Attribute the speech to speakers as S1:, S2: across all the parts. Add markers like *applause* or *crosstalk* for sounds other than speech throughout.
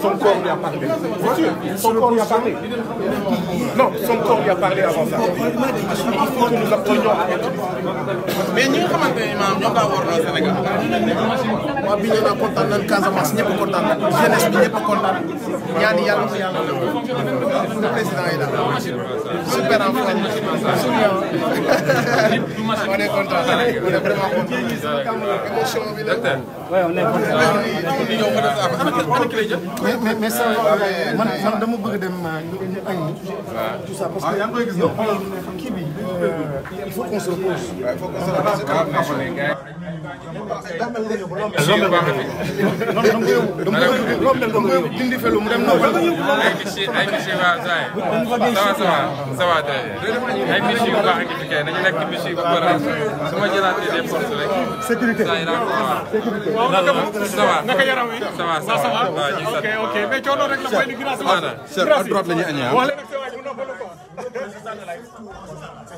S1: Son corps lui a parlé. son corps lui a parlé. Non, son corps lui a parlé avant ça. Il faut nous apprenions à mais nous, comment war Sénégal. bi content. président super en on est content on est content. mais mais mais ça man man dama bëgg dem ñu euh, añ tout ça parce ah, que yaa ngi koy gis yow xoolal kii bi il faut qu'on se repose. il faut qu'on se repose. ay ay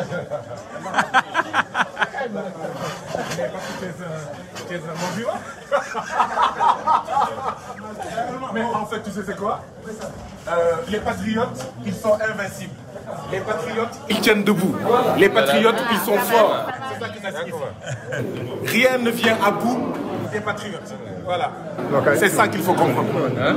S1: *laughs* Mais en fait, tu sais c'est quoi euh, Les patriotes, ils sont invincibles. Les patriotes, ils tiennent debout. Les patriotes, ils sont forts. Rien ne vient à bout des patriotes. Voilà. C'est ça qu'il faut comprendre. Hein?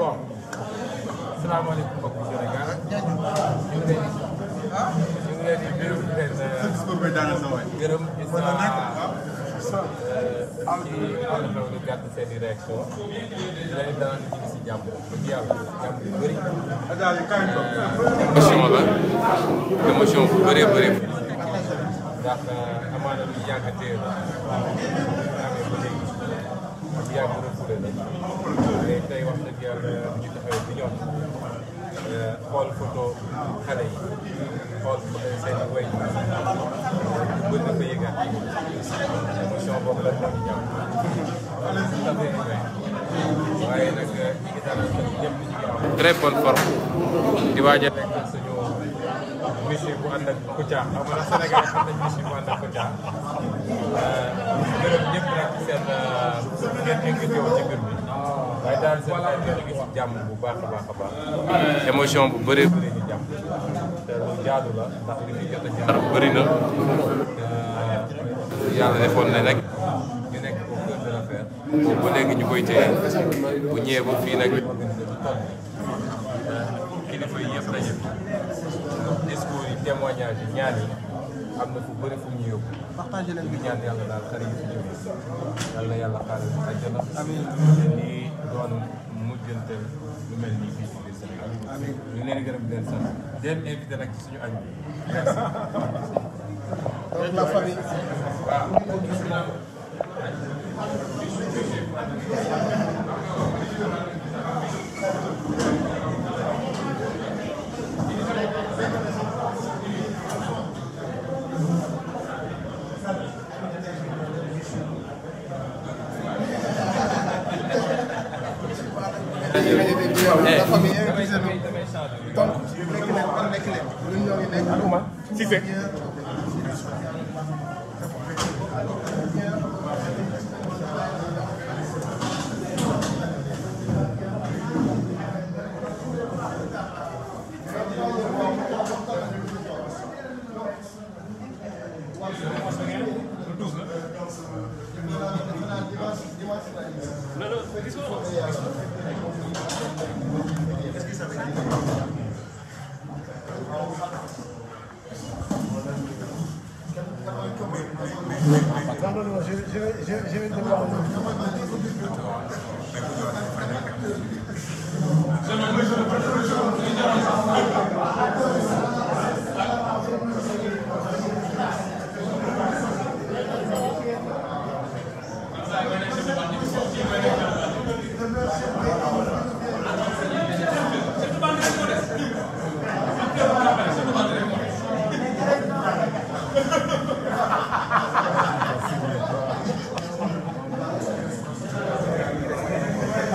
S1: bon salaamaaleykum mbokku Sénégal ñu ngi leen ñu ngi leen di gërëm di leen euh, gërëm euh, ci àndandoo di gàtt seen i réaction di leen dalal ñu si jàmm di yàlla jàmm bu bëri. émission la émission bu bëree bëri. ndax euh, amaana lu yàgg a téye la. yaa ngi ko dégg ak yàgg rek tey wax dëgg yàlla ñu taxawee bi ñoom euh, xool photo xale yi xool seen way bëgg na ko yëgaat émission boobu la ñu ñëw waaye nag euh, ñu ngi dalal ñëpp ñu ngi am très bonne forme di waaj a nekk suñu monsieur bu ànd ak Kouthia xam nga Sénégal xam nañ monsieur bu ànd ak waaye daal seen xel ñu ngi si jàmm bu baax a baax a baax bu bëree bëri ñu a jaar bëri na ñu koy téye bu ñëwee ba fii nag kilifa yi yëpp daje am na fu bëri fu mu ñu yóbbu. partagé leen bi ñaan yàlla daal xale yi fi jógee yal na yàlla xaaral àjjana. amiin te nii doon mujjanteel lu mel nii fii ci biir Sénégal. amiin ñu leen gërëm di leen sant di leen invité nag ci suñu añ bi. donc la famille. waaw. la eh. famille donc nekk leen kon nekk leen je, je vais te voir. Je